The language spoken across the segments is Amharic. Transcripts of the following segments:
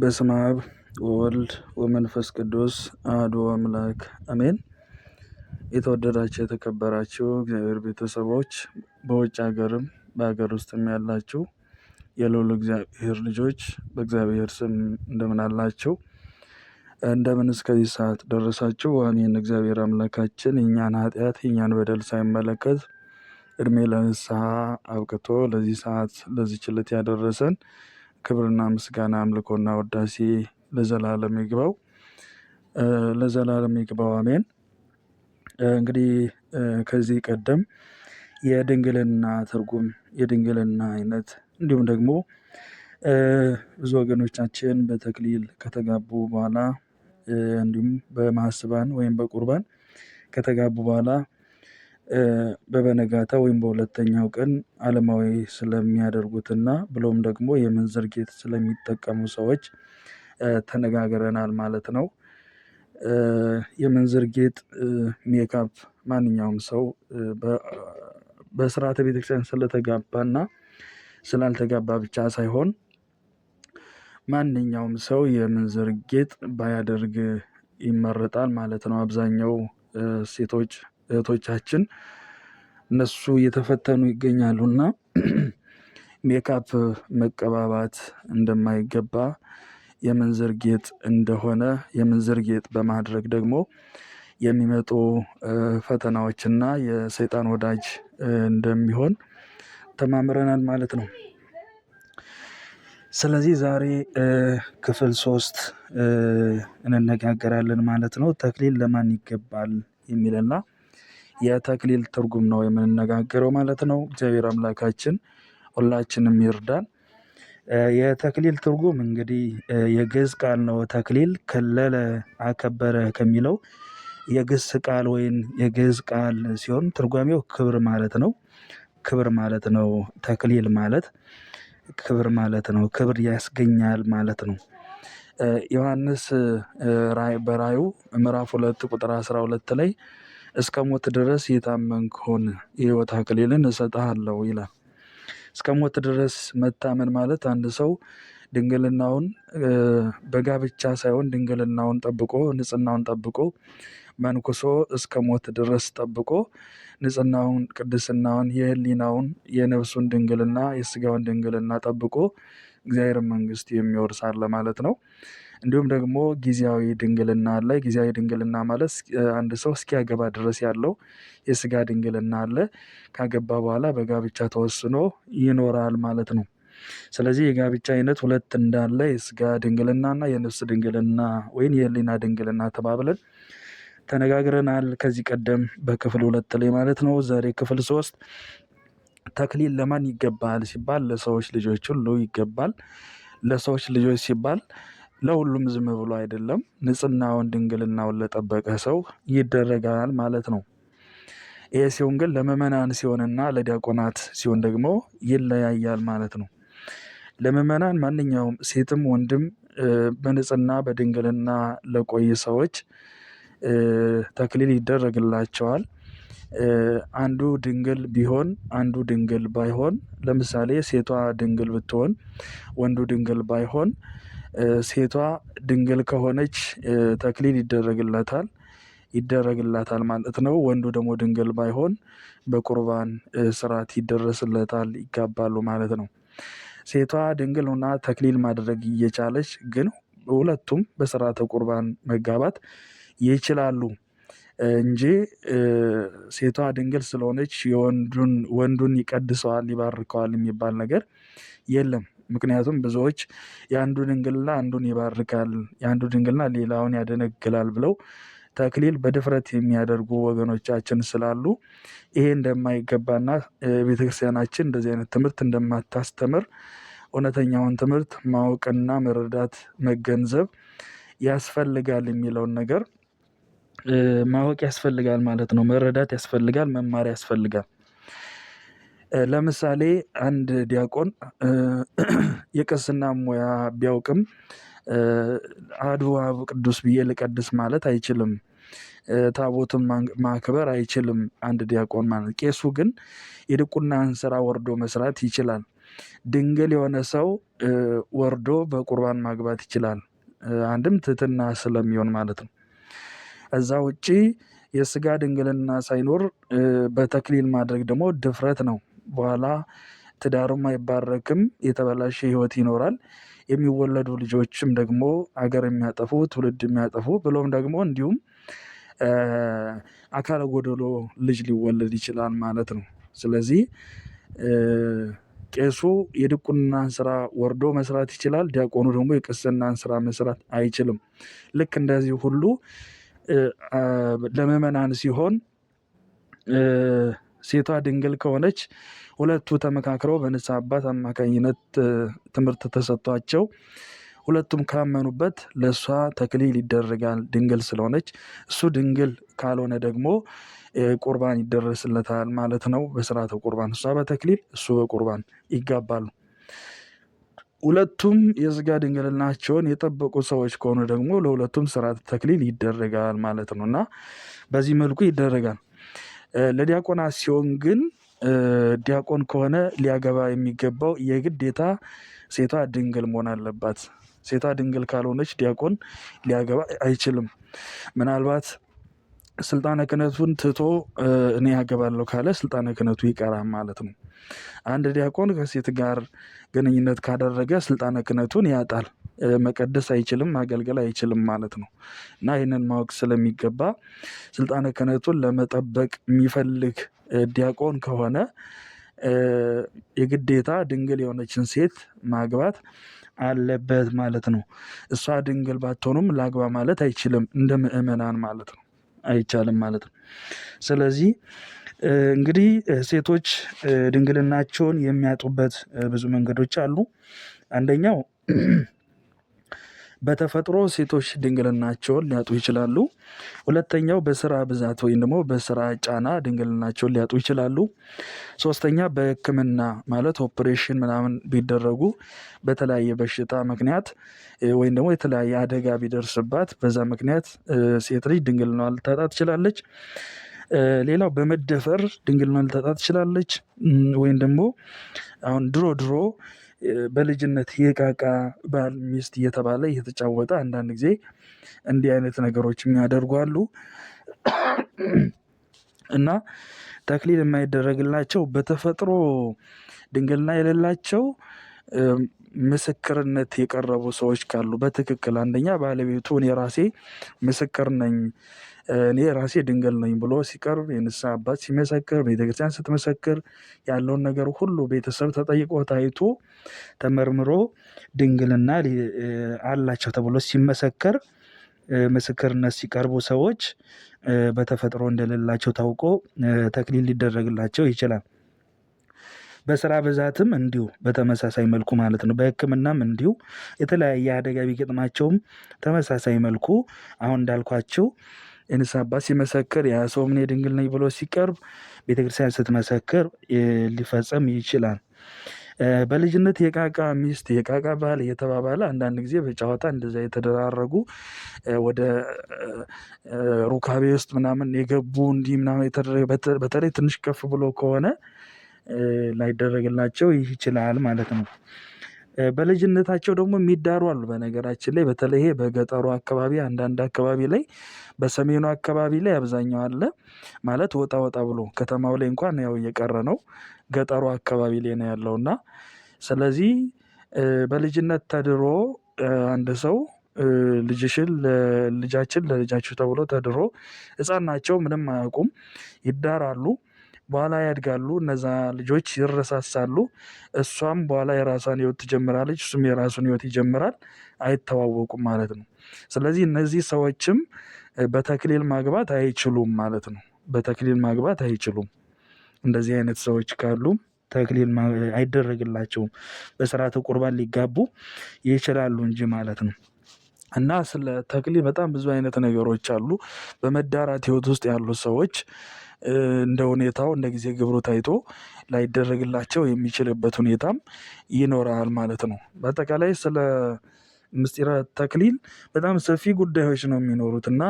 በስመ አብ ወወልድ ወመንፈስ ቅዱስ አሐዱ አምላክ አሜን። የተወደዳችሁ የተከበራችሁ እግዚአብሔር ቤተሰቦች በውጭ ሀገርም በሀገር ውስጥም ያላችሁ የልዑል እግዚአብሔር ልጆች በእግዚአብሔር ስም እንደምን አላችሁ? እንደምን እስከዚህ ሰዓት ደረሳችሁ? አሜን። እግዚአብሔር አምላካችን የእኛን ኃጢአት የእኛን በደል ሳይመለከት እድሜ ለንስሐ አብቅቶ ለዚህ ሰዓት ለዚህ ችለት ያደረሰን ክብርና ምስጋና አምልኮና ወዳሴ ለዘላለም ይግባው ለዘላለም ይግባው አሜን። እንግዲህ ከዚህ ቀደም የድንግልና ትርጉም፣ የድንግልና አይነት እንዲሁም ደግሞ ብዙ ወገኖቻችን በተክሊል ከተጋቡ በኋላ እንዲሁም በማስባን ወይም በቁርባን ከተጋቡ በኋላ በበነጋታ ወይም በሁለተኛው ቀን አለማዊ ስለሚያደርጉትና ብሎም ደግሞ የምንዝር ጌጥ ስለሚጠቀሙ ሰዎች ተነጋግረናል ማለት ነው። የምንዝር ጌጥ ሜካፕ ማንኛውም ሰው በስርዓተ ቤተክርስቲያን ስለተጋባና ስላልተጋባ ብቻ ሳይሆን ማንኛውም ሰው የምንዝር ጌጥ ባያደርግ ይመረጣል ማለት ነው። አብዛኛው ሴቶች እህቶቻችን እነሱ እየተፈተኑ እና ሜካፕ መቀባባት እንደማይገባ የምንዝር ጌጥ እንደሆነ የምንዝር ጌጥ በማድረግ ደግሞ የሚመጡ ፈተናዎችና የሰይጣን ወዳጅ እንደሚሆን ተማምረናል ማለት ነው። ስለዚህ ዛሬ ክፍል ሶስት እንነጋገራለን ማለት ነው። ተክሊል ለማን ይገባል የሚልና የተክሊል ትርጉም ነው የምንነጋገረው ማለት ነው። እግዚአብሔር አምላካችን ሁላችንም ይርዳን። የተክሊል ትርጉም እንግዲህ የግዕዝ ቃል ነው። ተክሊል ከለለ፣ አከበረ ከሚለው የግስ ቃል ወይም የግዕዝ ቃል ሲሆን ትርጓሜው ክብር ማለት ነው። ክብር ማለት ነው። ተክሊል ማለት ክብር ማለት ነው። ክብር ያስገኛል ማለት ነው። ዮሐንስ በራዩ ምዕራፍ ሁለት ቁጥር አስራ ሁለት ላይ እስከ ሞት ድረስ የታመንከውን የህይወት አክሊልን እሰጥሃለሁ ይላል። እስከ ሞት ድረስ መታመን ማለት አንድ ሰው ድንግልናውን በጋብቻ ሳይሆን ድንግልናውን ጠብቆ ንጽህናውን ጠብቆ መንኩሶ እስከ ሞት ድረስ ጠብቆ ንጽህናውን፣ ቅድስናውን፣ የህሊናውን፣ የነፍሱን ድንግልና የስጋውን ድንግልና ጠብቆ እግዚአብሔር መንግስት የሚወርሳለ ማለት ነው። እንዲሁም ደግሞ ጊዜያዊ ድንግልና አለ። ጊዜያዊ ድንግልና ማለት አንድ ሰው እስኪያገባ ድረስ ያለው የስጋ ድንግልና አለ። ካገባ በኋላ በጋብቻ ተወስኖ ይኖራል ማለት ነው። ስለዚህ የጋብቻ አይነት ሁለት እንዳለ የስጋ ድንግልናና የነፍስ ድንግልና ወይም የህሊና ድንግልና ተባብለን ተነጋግረናል ከዚህ ቀደም በክፍል ሁለት ላይ ማለት ነው። ዛሬ ክፍል ሶስት ተክሊል ለማን ይገባል ሲባል ለሰዎች ልጆች ሁሉ ይገባል። ለሰዎች ልጆች ሲባል ለሁሉም ዝም ብሎ አይደለም ንጽህናውን ድንግልናውን ለጠበቀ ሰው ይደረጋል ማለት ነው። ይሄ ሲሆን ግን ለምእመናን ሲሆንና ለዲያቆናት ሲሆን ደግሞ ይለያያል ማለት ነው። ለምእመናን ማንኛውም ሴትም ወንድም በንጽህና በድንግልና ለቆይ ሰዎች ተክሊል ይደረግላቸዋል። አንዱ ድንግል ቢሆን አንዱ ድንግል ባይሆን፣ ለምሳሌ ሴቷ ድንግል ብትሆን ወንዱ ድንግል ባይሆን ሴቷ ድንግል ከሆነች ተክሊል ይደረግላታል ይደረግላታል ማለት ነው። ወንዱ ደግሞ ድንግል ባይሆን በቁርባን ስርዓት ይደረስለታል፣ ይጋባሉ ማለት ነው። ሴቷ ድንግል ሆና ተክሊል ማድረግ እየቻለች ግን ሁለቱም በስርዓተ ቁርባን መጋባት ይችላሉ እንጂ ሴቷ ድንግል ስለሆነች ወንዱን ይቀድሰዋል፣ ይባርከዋል የሚባል ነገር የለም። ምክንያቱም ብዙዎች የአንዱ ድንግልና አንዱን ይባርካል፣ የአንዱ ድንግልና ሌላውን ያደነግላል ብለው ተክሊል በድፍረት የሚያደርጉ ወገኖቻችን ስላሉ ይሄ እንደማይገባና ቤተክርስቲያናችን እንደዚህ አይነት ትምህርት እንደማታስተምር እውነተኛውን ትምህርት ማወቅና መረዳት መገንዘብ ያስፈልጋል የሚለውን ነገር ማወቅ ያስፈልጋል ማለት ነው። መረዳት ያስፈልጋል፣ መማር ያስፈልጋል። ለምሳሌ አንድ ዲያቆን የቅስና ሙያ ቢያውቅም አድዋ ቅዱስ ብዬ ልቀድስ ማለት አይችልም። ታቦትን ማክበር አይችልም። አንድ ዲያቆን ማለት ቄሱ ግን የድቁናን ስራ ወርዶ መስራት ይችላል። ድንግል የሆነ ሰው ወርዶ በቁርባን ማግባት ይችላል። አንድም ትህትና ስለሚሆን ማለት ነው። እዛ ውጪ የስጋ ድንግልና ሳይኖር በተክሊል ማድረግ ደግሞ ድፍረት ነው። በኋላ ትዳርም አይባረክም፣ የተበላሸ ህይወት ይኖራል። የሚወለዱ ልጆችም ደግሞ አገር የሚያጠፉ ትውልድ የሚያጠፉ ብሎም ደግሞ እንዲሁም አካለ ጎደሎ ልጅ ሊወለድ ይችላል ማለት ነው። ስለዚህ ቄሱ የድቁናን ስራ ወርዶ መስራት ይችላል። ዲያቆኑ ደግሞ የቅስናን ስራ መስራት አይችልም። ልክ እንደዚህ ሁሉ ለምእመናን ሲሆን ሴቷ ድንግል ከሆነች ሁለቱ ተመካክረው በንስሐ አባት አማካኝነት ትምህርት ተሰጥቷቸው ሁለቱም ካመኑበት ለእሷ ተክሊል ይደረጋል፣ ድንግል ስለሆነች። እሱ ድንግል ካልሆነ ደግሞ ቁርባን ይደረስለታል ማለት ነው፣ በስርዓተ ቁርባን። እሷ በተክሊል እሱ በቁርባን ይጋባሉ። ሁለቱም የስጋ ድንግልናቸውን የጠበቁ ሰዎች ከሆኑ ደግሞ ለሁለቱም ስርዓተ ተክሊል ይደረጋል ማለት ነው እና በዚህ መልኩ ይደረጋል። ለዲያቆና ሲሆን ግን ዲያቆን ከሆነ ሊያገባ የሚገባው የግዴታ ሴቷ ድንግል መሆን አለባት። ሴቷ ድንግል ካልሆነች ዲያቆን ሊያገባ አይችልም። ምናልባት ስልጣነ ክህነቱን ትቶ እኔ ያገባለሁ ካለ ስልጣነ ክህነቱ ይቀራል ማለት ነው። አንድ ዲያቆን ከሴት ጋር ግንኙነት ካደረገ ስልጣነ ክህነቱን ያጣል። መቀደስ አይችልም፣ ማገልገል አይችልም ማለት ነው እና ይህንን ማወቅ ስለሚገባ ስልጣነ ክህነቱን ለመጠበቅ የሚፈልግ ዲያቆን ከሆነ የግዴታ ድንግል የሆነችን ሴት ማግባት አለበት ማለት ነው። እሷ ድንግል ባትሆኑም ላግባ ማለት አይችልም፣ እንደ ምእመናን ማለት ነው አይቻልም ማለት ነው። ስለዚህ እንግዲህ ሴቶች ድንግልናቸውን የሚያጡበት ብዙ መንገዶች አሉ። አንደኛው በተፈጥሮ ሴቶች ድንግልናቸውን ሊያጡ ይችላሉ። ሁለተኛው በስራ ብዛት ወይም ደግሞ በስራ ጫና ድንግልናቸውን ሊያጡ ይችላሉ። ሶስተኛ በሕክምና ማለት ኦፕሬሽን ምናምን ቢደረጉ በተለያየ በሽታ ምክንያት ወይም ደግሞ የተለያየ አደጋ ቢደርስባት በዛ ምክንያት ሴት ልጅ ድንግልናዋን ልታጣ ትችላለች። ሌላው በመደፈር ድንግልናዋን ልታጣ ትችላለች። ወይም ደግሞ አሁን ድሮ ድሮ በልጅነት የቃቃ ባል ሚስት እየተባለ እየተጫወተ አንዳንድ ጊዜ እንዲህ አይነት ነገሮች የሚያደርጓሉ እና ተክሊል የማይደረግላቸው በተፈጥሮ ድንግልና የሌላቸው ምስክርነት የቀረቡ ሰዎች ካሉ በትክክል አንደኛ ባለቤቱ እኔ ራሴ ምስክር ነኝ፣ እኔ ራሴ ድንግል ነኝ ብሎ ሲቀርብ፣ የንስሐ አባት ሲመሰክር፣ ቤተክርስቲያን ስትመሰክር፣ ያለውን ነገር ሁሉ ቤተሰብ ተጠይቆ ታይቶ ተመርምሮ ድንግልና አላቸው ተብሎ ሲመሰከር ምስክርነት ሲቀርቡ ሰዎች በተፈጥሮ እንደሌላቸው ታውቆ ተክሊል ሊደረግላቸው ይችላል። በስራ ብዛትም እንዲሁ በተመሳሳይ መልኩ ማለት ነው። በሕክምናም እንዲሁ የተለያየ አደጋ ቢገጥማቸውም ተመሳሳይ መልኩ አሁን እንዳልኳቸው የንስሐ አባት ሲመሰክር ያ ሰው ነኝ ብሎ ሲቀርብ ቤተክርስቲያን ስትመሰክር ሊፈጸም ይችላል። በልጅነት የቃቃ ሚስት የቃቃ ባል እየተባባለ አንዳንድ ጊዜ በጨዋታ እንደዛ የተደራረጉ ወደ ሩካቤ ውስጥ ምናምን የገቡ እንዲህ ምናምን በተለይ ትንሽ ከፍ ብሎ ከሆነ ላይደረግላቸው ይችላል ማለት ነው። በልጅነታቸው ደግሞ የሚዳሩ አሉ። በነገራችን ላይ በተለይ ይሄ በገጠሩ አካባቢ አንዳንድ አካባቢ ላይ በሰሜኑ አካባቢ ላይ አብዛኛው አለ ማለት ወጣ ወጣ ብሎ ከተማው ላይ እንኳን ያው እየቀረ ነው። ገጠሩ አካባቢ ላይ ነው ያለው እና ስለዚህ በልጅነት ተድሮ አንድ ሰው ልጅሽን ልጃችን ለልጃችሁ ተብሎ ተድሮ ህፃን ናቸው ምንም አያውቁም ይዳራሉ። በኋላ ያድጋሉ። እነዛ ልጆች ይረሳሳሉ። እሷም በኋላ የራሷን ህይወት ትጀምራለች፣ እሱም የራሱን ህይወት ይጀምራል። አይተዋወቁም ማለት ነው። ስለዚህ እነዚህ ሰዎችም በተክሊል ማግባት አይችሉም ማለት ነው። በተክሊል ማግባት አይችሉም። እንደዚህ አይነት ሰዎች ካሉ ተክሊል አይደረግላቸውም። በስርዓተ ቁርባን ሊጋቡ ይችላሉ እንጂ ማለት ነው። እና ስለ ተክሊ በጣም ብዙ አይነት ነገሮች አሉ። በመዳራት ህይወት ውስጥ ያሉ ሰዎች እንደ ሁኔታው እንደ ጊዜ ግብሩ ታይቶ ላይደረግላቸው የሚችልበት ሁኔታም ይኖራል ማለት ነው። በአጠቃላይ ስለ ምስጢረ ተክሊል በጣም ሰፊ ጉዳዮች ነው የሚኖሩት እና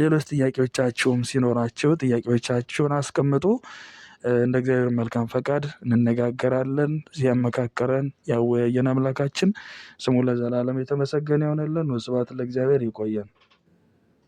ሌሎች ጥያቄዎቻችሁም ሲኖራችሁ ጥያቄዎቻችሁን አስቀምጡ። እንደ እግዚአብሔር መልካም ፈቃድ እንነጋገራለን። ያመካከረን ያወያየን አምላካችን ስሙ ለዘላለም የተመሰገነ ይሆንልን። ወስብሐት ለእግዚአብሔር። ይቆየን።